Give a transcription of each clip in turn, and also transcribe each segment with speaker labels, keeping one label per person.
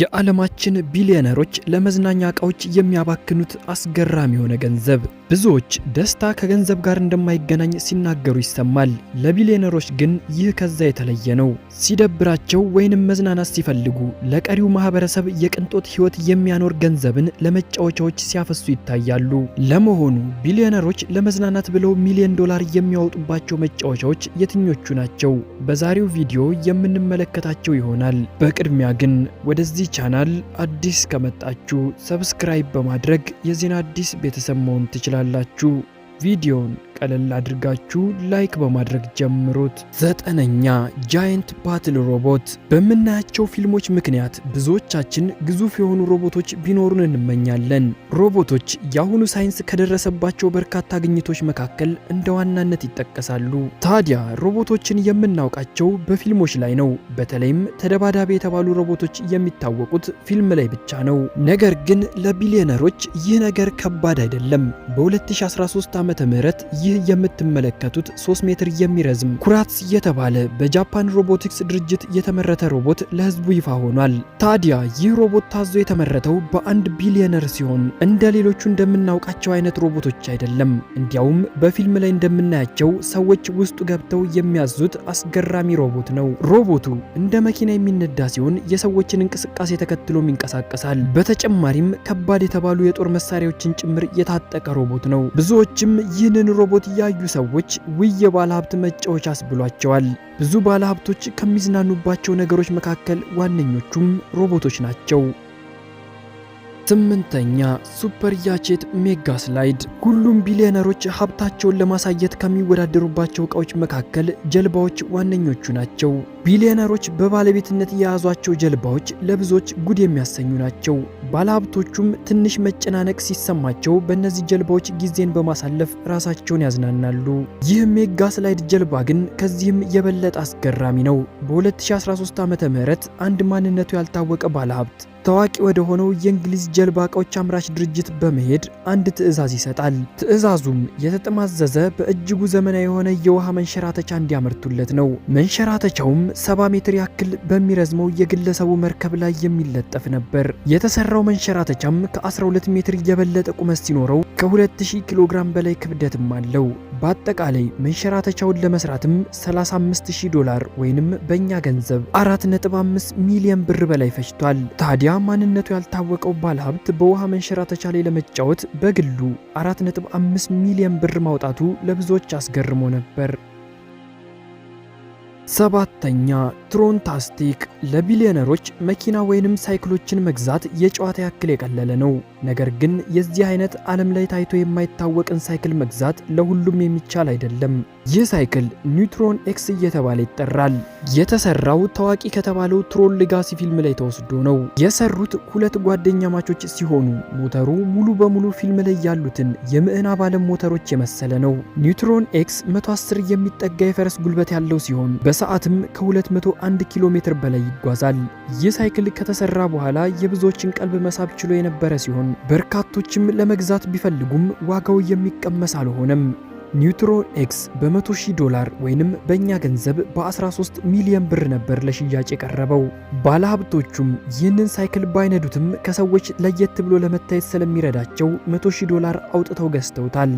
Speaker 1: የዓለማችን ቢሊዮነሮች ለመዝናኛ ዕቃዎች የሚያባክኑት አስገራሚ የሆነ ገንዘብ። ብዙዎች ደስታ ከገንዘብ ጋር እንደማይገናኝ ሲናገሩ ይሰማል። ለቢሊዮነሮች ግን ይህ ከዛ የተለየ ነው። ሲደብራቸው ወይንም መዝናናት ሲፈልጉ ለቀሪው ማህበረሰብ የቅንጦት ሕይወት የሚያኖር ገንዘብን ለመጫወቻዎች ሲያፈሱ ይታያሉ። ለመሆኑ ቢሊዮነሮች ለመዝናናት ብለው ሚሊዮን ዶላር የሚያወጡባቸው መጫወቻዎች የትኞቹ ናቸው? በዛሬው ቪዲዮ የምንመለከታቸው ይሆናል። በቅድሚያ ግን ወደ ለዚህ ቻናል አዲስ ከመጣችሁ ሰብስክራይብ በማድረግ የዜና አዲስ ቤተሰብ መሆን ትችላላችሁ። ቪዲዮውን ቀለል አድርጋችሁ ላይክ በማድረግ ጀምሩት። ዘጠነኛ ጃይንት ባትል ሮቦት። በምናያቸው ፊልሞች ምክንያት ብዙዎቻችን ግዙፍ የሆኑ ሮቦቶች ቢኖሩን እንመኛለን። ሮቦቶች የአሁኑ ሳይንስ ከደረሰባቸው በርካታ ግኝቶች መካከል እንደ ዋናነት ይጠቀሳሉ። ታዲያ ሮቦቶችን የምናውቃቸው በፊልሞች ላይ ነው። በተለይም ተደባዳቢ የተባሉ ሮቦቶች የሚታወቁት ፊልም ላይ ብቻ ነው። ነገር ግን ለቢሊዮነሮች ይህ ነገር ከባድ አይደለም። በ2013 ም ይህ የምትመለከቱት 3 ሜትር የሚረዝም ኩራትስ የተባለ በጃፓን ሮቦቲክስ ድርጅት የተመረተ ሮቦት ለህዝቡ ይፋ ሆኗል። ታዲያ ይህ ሮቦት ታዞ የተመረተው በአንድ ቢሊዮነር ሲሆን እንደ ሌሎቹ እንደምናውቃቸው አይነት ሮቦቶች አይደለም። እንዲያውም በፊልም ላይ እንደምናያቸው ሰዎች ውስጡ ገብተው የሚያዙት አስገራሚ ሮቦት ነው። ሮቦቱ እንደ መኪና የሚነዳ ሲሆን የሰዎችን እንቅስቃሴ ተከትሎም ይንቀሳቀሳል። በተጨማሪም ከባድ የተባሉ የጦር መሳሪያዎችን ጭምር የታጠቀ ሮቦት ነው። ብዙዎችም ይህንን ሮቦት በአድናቆት ያዩ ሰዎች ውይ የባለ ሀብት መጫወቻስ ብዙ ባለ ሀብቶች ከሚዝናኑባቸው ነገሮች መካከል ዋነኞቹም ሮቦቶች ናቸው። ስምንተኛ ሱፐር ያቼት ሜጋ ስላይድ። ሁሉም ቢሊዮነሮች ሀብታቸውን ለማሳየት ከሚወዳደሩባቸው ዕቃዎች መካከል ጀልባዎች ዋነኞቹ ናቸው። ቢሊዮነሮች በባለቤትነት የያዟቸው ጀልባዎች ለብዙዎች ጉድ የሚያሰኙ ናቸው። ባለሀብቶቹም ትንሽ መጨናነቅ ሲሰማቸው በእነዚህ ጀልባዎች ጊዜን በማሳለፍ ራሳቸውን ያዝናናሉ። ይህም የጋስላይድ ጀልባ ግን ከዚህም የበለጠ አስገራሚ ነው። በ2013 ዓ ም አንድ ማንነቱ ያልታወቀ ባለሀብት ታዋቂ ወደ ሆነው የእንግሊዝ ጀልባ እቃዎች አምራች ድርጅት በመሄድ አንድ ትዕዛዝ ይሰጣል። ትዕዛዙም የተጠማዘዘ በእጅጉ ዘመናዊ የሆነ የውሃ መንሸራተቻ እንዲያመርቱለት ነው። መንሸራተቻውም 70 ሜትር ያክል በሚረዝመው የግለሰቡ መርከብ ላይ የሚለጠፍ ነበር። የተሰራው መንሸራተቻም ከ12 ሜትር የበለጠ ቁመት ሲኖረው ከ2000 ኪሎ ግራም በላይ ክብደትም አለው። በአጠቃላይ መንሸራተቻውን ለመስራትም 35000 ዶላር ወይንም በእኛ ገንዘብ 4.5 ሚሊዮን ብር በላይ ፈጅቷል። ታዲያ ማንነቱ ያልታወቀው ባለሀብት በውሃ መንሸራተቻ ላይ ለመጫወት በግሉ 4.5 ሚሊዮን ብር ማውጣቱ ለብዙዎች አስገርሞ ነበር። ሰባተኛ ትሮንታስቲክ ለቢሊዮነሮች መኪና ወይንም ሳይክሎችን መግዛት የጨዋታ ያክል የቀለለ ነው። ነገር ግን የዚህ አይነት ዓለም ላይ ታይቶ የማይታወቅን ሳይክል መግዛት ለሁሉም የሚቻል አይደለም። ይህ ሳይክል ኒውትሮን ኤክስ እየተባለ ይጠራል። የተሰራው ታዋቂ ከተባለው ትሮን ሊጋሲ ፊልም ላይ ተወስዶ ነው። የሰሩት ሁለት ጓደኛ ማቾች ሲሆኑ ሞተሩ ሙሉ በሙሉ ፊልም ላይ ያሉትን የምዕና ባለም ሞተሮች የመሰለ ነው። ኒውትሮን ኤክስ 110 የሚጠጋ የፈረስ ጉልበት ያለው ሲሆን በሰዓትም ከ201 ኪሎ ሜትር በላይ ይጓዛል። ይህ ሳይክል ከተሰራ በኋላ የብዙዎችን ቀልብ መሳብ ችሎ የነበረ ሲሆን በርካቶችም ለመግዛት ቢፈልጉም ዋጋው የሚቀመስ አልሆነም። ኒውትሮን ኤክስ በ100 ሺህ ዶላር ወይንም በእኛ ገንዘብ በ13 ሚሊዮን ብር ነበር ለሽያጭ የቀረበው። ባለሀብቶቹም ይህንን ሳይክል ባይነዱትም ከሰዎች ለየት ብሎ ለመታየት ስለሚረዳቸው 100 ሺህ ዶላር አውጥተው ገዝተውታል።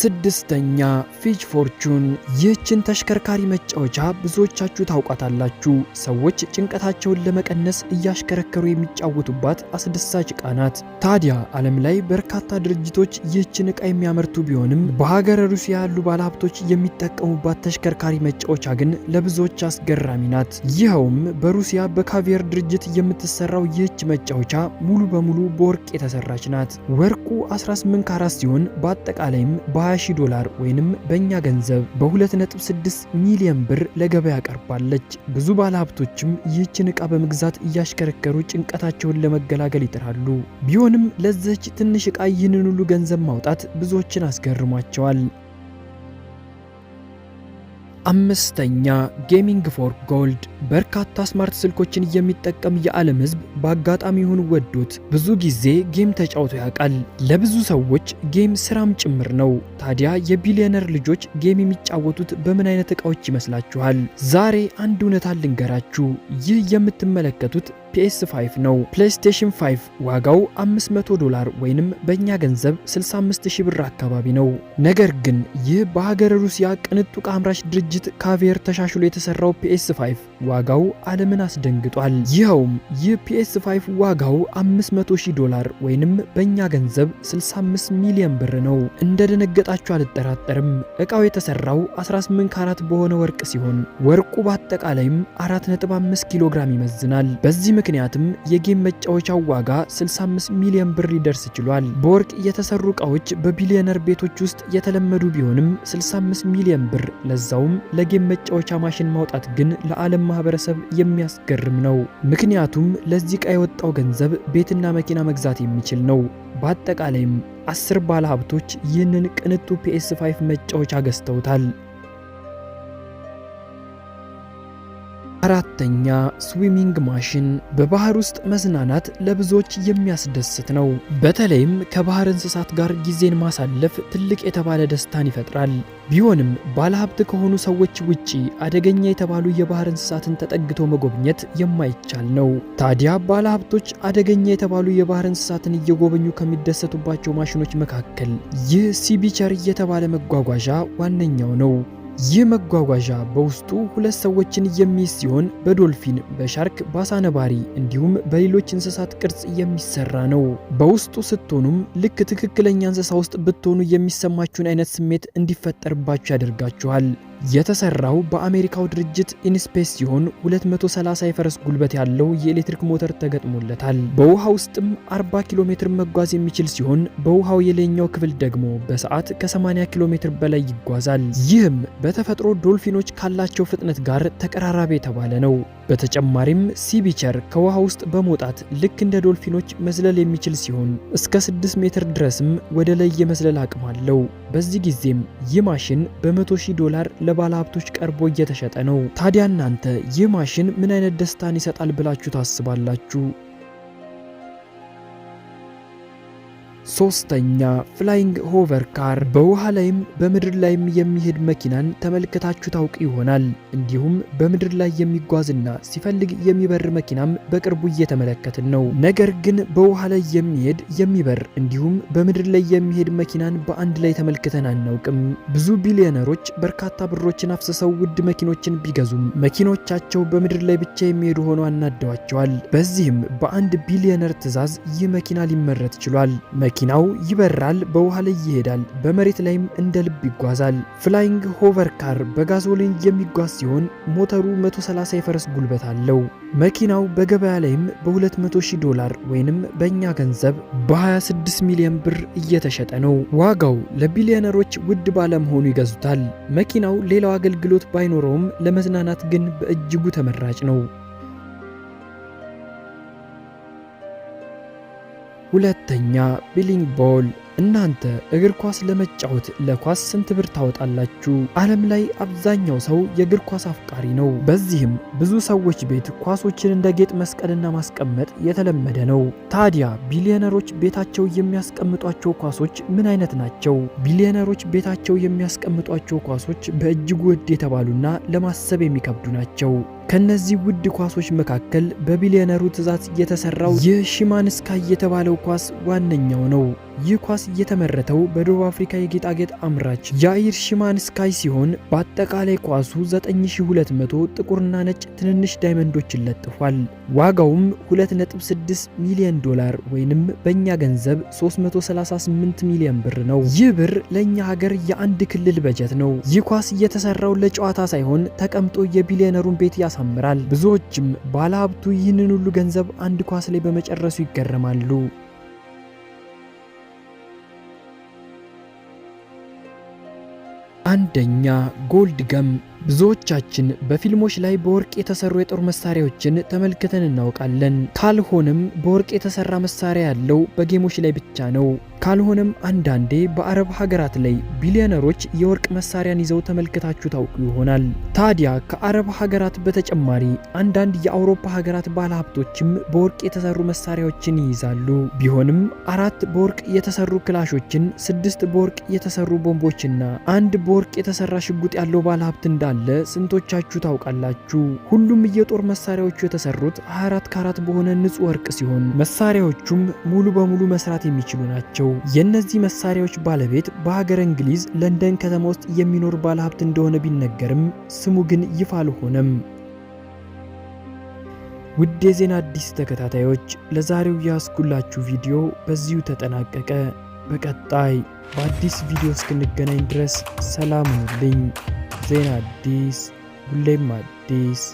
Speaker 1: ስድስተኛ ፊች ፎርቹን ይህችን ተሽከርካሪ መጫወቻ ብዙዎቻችሁ ታውቋታላችሁ። ሰዎች ጭንቀታቸውን ለመቀነስ እያሽከረከሩ የሚጫወቱባት አስደሳች ዕቃ ናት። ታዲያ ዓለም ላይ በርካታ ድርጅቶች ይህችን ዕቃ የሚያመርቱ ቢሆንም በሀገረ ሩሲያ ያሉ ባለሀብቶች የሚጠቀሙባት ተሽከርካሪ መጫወቻ ግን ለብዙዎች አስገራሚ ናት። ይኸውም በሩሲያ በካቪየር ድርጅት የምትሰራው ይህች መጫወቻ ሙሉ በሙሉ በወርቅ የተሰራች ናት። ወርቁ 18 ካራት ሲሆን በአጠቃላይም በ 20000 ዶላር ወይንም በእኛ ገንዘብ በ2.6 ሚሊዮን ብር ለገበያ ቀርባለች። ብዙ ባለሀብቶችም ይህችን ዕቃ በመግዛት እያሽከረከሩ ጭንቀታቸውን ለመገላገል ይጥራሉ። ቢሆንም ለዚች ትንሽ ዕቃ ይህንን ሁሉ ገንዘብ ማውጣት ብዙዎችን አስገርሟቸዋል። አምስተኛ ጌሚንግ ፎር ጎልድ። በርካታ ስማርት ስልኮችን የሚጠቀም የዓለም ሕዝብ በአጋጣሚ ይሁን ወዶት ብዙ ጊዜ ጌም ተጫውቶ ያውቃል። ለብዙ ሰዎች ጌም ስራም ጭምር ነው። ታዲያ የቢሊዮነር ልጆች ጌም የሚጫወቱት በምን አይነት ዕቃዎች ይመስላችኋል? ዛሬ አንድ እውነታ ልንገራችሁ። ይህ የምትመለከቱት ፒኤስ5 ነው። ፕሌይስቴሽን 5 ዋጋው 500 ዶላር ወይንም በእኛ ገንዘብ 65000 ብር አካባቢ ነው። ነገር ግን ይህ በሀገረ ሩሲያ ቅንጡ አምራች ድርጅት ካቬር ተሻሽሎ የተሰራው ፒኤስ5 ዋጋው ዓለምን አስደንግጧል። ይኸውም ይህ ፒኤስ5 ዋጋው 500000 ዶላር ወይንም በእኛ ገንዘብ 65 ሚሊዮን ብር ነው። እንደደነገጣችሁ አልጠራጠርም። እቃው የተሰራው 18 ካራት በሆነ ወርቅ ሲሆን ወርቁ በአጠቃላይም 4.5 ኪሎ ግራም ይመዝናል። በዚህ ምክንያትም የጌም መጫወቻው ዋጋ 65 ሚሊዮን ብር ሊደርስ ችሏል። በወርቅ የተሰሩ እቃዎች በቢሊዮነር ቤቶች ውስጥ የተለመዱ ቢሆንም 65 ሚሊዮን ብር ለዛውም ለጌም መጫወቻ ማሽን ማውጣት ግን ለዓለም ማህበረሰብ የሚያስገርም ነው። ምክንያቱም ለዚህ እቃ የወጣው ገንዘብ ቤትና መኪና መግዛት የሚችል ነው። በአጠቃላይም አስር ባለ ሀብቶች ይህንን ቅንጡ ፒኤስ5 መጫወቻ ገዝተውታል። አራተኛ ስዊሚንግ ማሽን በባህር ውስጥ መዝናናት ለብዙዎች የሚያስደስት ነው። በተለይም ከባህር እንስሳት ጋር ጊዜን ማሳለፍ ትልቅ የተባለ ደስታን ይፈጥራል። ቢሆንም ባለሀብት ከሆኑ ሰዎች ውጪ አደገኛ የተባሉ የባህር እንስሳትን ተጠግቶ መጎብኘት የማይቻል ነው። ታዲያ ባለሀብቶች አደገኛ የተባሉ የባህር እንስሳትን እየጎበኙ ከሚደሰቱባቸው ማሽኖች መካከል ይህ ሲቢቸር የተባለ መጓጓዣ ዋነኛው ነው። ይህ መጓጓዣ በውስጡ ሁለት ሰዎችን የሚይዝ ሲሆን በዶልፊን፣ በሻርክ፣ በአሳ ነባሪ እንዲሁም በሌሎች እንስሳት ቅርጽ የሚሰራ ነው። በውስጡ ስትሆኑም ልክ ትክክለኛ እንስሳ ውስጥ ብትሆኑ የሚሰማችሁን አይነት ስሜት እንዲፈጠርባችሁ ያደርጋችኋል። የተሰራው በአሜሪካው ድርጅት ኢንስፔስ ሲሆን 230 የፈረስ ጉልበት ያለው የኤሌክትሪክ ሞተር ተገጥሞለታል። በውሃ ውስጥም 40 ኪሎ ሜትር መጓዝ የሚችል ሲሆን በውሃው የላይኛው ክፍል ደግሞ በሰዓት ከ80 ኪሎ ሜትር በላይ ይጓዛል። ይህም በተፈጥሮ ዶልፊኖች ካላቸው ፍጥነት ጋር ተቀራራቢ የተባለ ነው። በተጨማሪም ሲቢቸር ከውሃ ውስጥ በመውጣት ልክ እንደ ዶልፊኖች መዝለል የሚችል ሲሆን እስከ 6 ሜትር ድረስም ወደ ላይ የመዝለል አቅም አለው። በዚህ ጊዜም ይህ ማሽን በመቶ ሺህ ዶላር ለባለ ሀብቶች ቀርቦ እየተሸጠ ነው። ታዲያ እናንተ ይህ ማሽን ምን አይነት ደስታን ይሰጣል ብላችሁ ታስባላችሁ? ሶስተኛ ፍላይንግ ሆቨር ካር በውሃ ላይም በምድር ላይም የሚሄድ መኪናን ተመልከታችሁ ታውቅ ይሆናል። እንዲሁም በምድር ላይ የሚጓዝና ሲፈልግ የሚበር መኪናም በቅርቡ እየተመለከትን ነው። ነገር ግን በውሃ ላይ የሚሄድ የሚበር እንዲሁም በምድር ላይ የሚሄድ መኪናን በአንድ ላይ ተመልክተን አናውቅም። ብዙ ቢሊዮነሮች በርካታ ብሮችን አፍስሰው ውድ መኪኖችን ቢገዙም መኪኖቻቸው በምድር ላይ ብቻ የሚሄዱ ሆኖ አናደዋቸዋል። በዚህም በአንድ ቢሊዮነር ትዕዛዝ ይህ መኪና ሊመረት ችሏል። መኪና መኪናው ይበራል፣ በውሃ ላይ ይሄዳል፣ በመሬት ላይም እንደ ልብ ይጓዛል። ፍላይንግ ሆቨር ካር በጋዞሊን የሚጓዝ ሲሆን ሞተሩ 130 የፈረስ ጉልበት አለው። መኪናው በገበያ ላይም በ200 ሺህ ዶላር ወይንም በእኛ ገንዘብ በ26 ሚሊዮን ብር እየተሸጠ ነው። ዋጋው ለቢሊዮነሮች ውድ ባለመሆኑ ይገዙታል። መኪናው ሌላው አገልግሎት ባይኖረውም ለመዝናናት ግን በእጅጉ ተመራጭ ነው። ሁለተኛ ቢሊንግ ቦል እናንተ እግር ኳስ ለመጫወት ለኳስ ስንት ብር ታወጣላችሁ? ዓለም ላይ አብዛኛው ሰው የእግር ኳስ አፍቃሪ ነው። በዚህም ብዙ ሰዎች ቤት ኳሶችን እንደ ጌጥ መስቀልና ማስቀመጥ የተለመደ ነው። ታዲያ ቢሊዮነሮች ቤታቸው የሚያስቀምጧቸው ኳሶች ምን አይነት ናቸው? ቢሊዮነሮች ቤታቸው የሚያስቀምጧቸው ኳሶች በእጅጉ ውድ የተባሉና ለማሰብ የሚከብዱ ናቸው። ከነዚህ ውድ ኳሶች መካከል በቢሊዮነሩ ትእዛዝ የተሰራው የሺማንስካይ የተባለው ኳስ ዋነኛው ነው። ይህ ኳስ የተመረተው በደቡብ አፍሪካ የጌጣጌጥ አምራች ያይር ሺማንስካይ ሲሆን በአጠቃላይ ኳሱ 9200 ጥቁርና ነጭ ትንንሽ ዳይመንዶችን ለጥፏል። ዋጋውም 2.6 ሚሊዮን ዶላር ወይንም በእኛ ገንዘብ 338 ሚሊዮን ብር ነው። ይህ ብር ለእኛ ሀገር የአንድ ክልል በጀት ነው። ይህ ኳስ እየተሰራው ለጨዋታ ሳይሆን ተቀምጦ የቢሊዮነሩን ቤት ያሳምራል። ብዙዎችም ባለሀብቱ ይህንን ሁሉ ገንዘብ አንድ ኳስ ላይ በመጨረሱ ይገረማሉ። አንደኛ ጎልድ ገም ብዙዎቻችን በፊልሞች ላይ በወርቅ የተሰሩ የጦር መሳሪያዎችን ተመልክተን እናውቃለን። ካልሆነም በወርቅ የተሰራ መሳሪያ ያለው በጌሞች ላይ ብቻ ነው። ካልሆነም አንዳንዴ በአረብ ሀገራት ላይ ቢሊዮነሮች የወርቅ መሳሪያን ይዘው ተመልክታችሁ ታውቁ ይሆናል። ታዲያ ከአረብ ሀገራት በተጨማሪ አንዳንድ የአውሮፓ ሀገራት ባለሀብቶችም በወርቅ የተሰሩ መሳሪያዎችን ይይዛሉ። ቢሆንም አራት በወርቅ የተሰሩ ክላሾችን፣ ስድስት በወርቅ የተሰሩ ቦምቦችና አንድ በወርቅ የተሰራ ሽጉጥ ያለው ባለሀብት እንዳለ እንዳለ ስንቶቻችሁ ታውቃላችሁ? ሁሉም የጦር መሳሪያዎቹ የተሰሩት 24 ካራት በሆነ ንጹህ ወርቅ ሲሆን መሳሪያዎቹም ሙሉ በሙሉ መስራት የሚችሉ ናቸው። የእነዚህ መሳሪያዎች ባለቤት በሀገር እንግሊዝ ለንደን ከተማ ውስጥ የሚኖር ባለሀብት እንደሆነ ቢነገርም ስሙ ግን ይፋ አልሆነም። ውድ የዜና አዲስ ተከታታዮች ለዛሬው ያስኩላችሁ ቪዲዮ በዚሁ ተጠናቀቀ። በቀጣይ በአዲስ ቪዲዮ እስክንገናኝ ድረስ ሰላም ሁኑልኝ። ዜና አዲስ ሁሌም አዲስ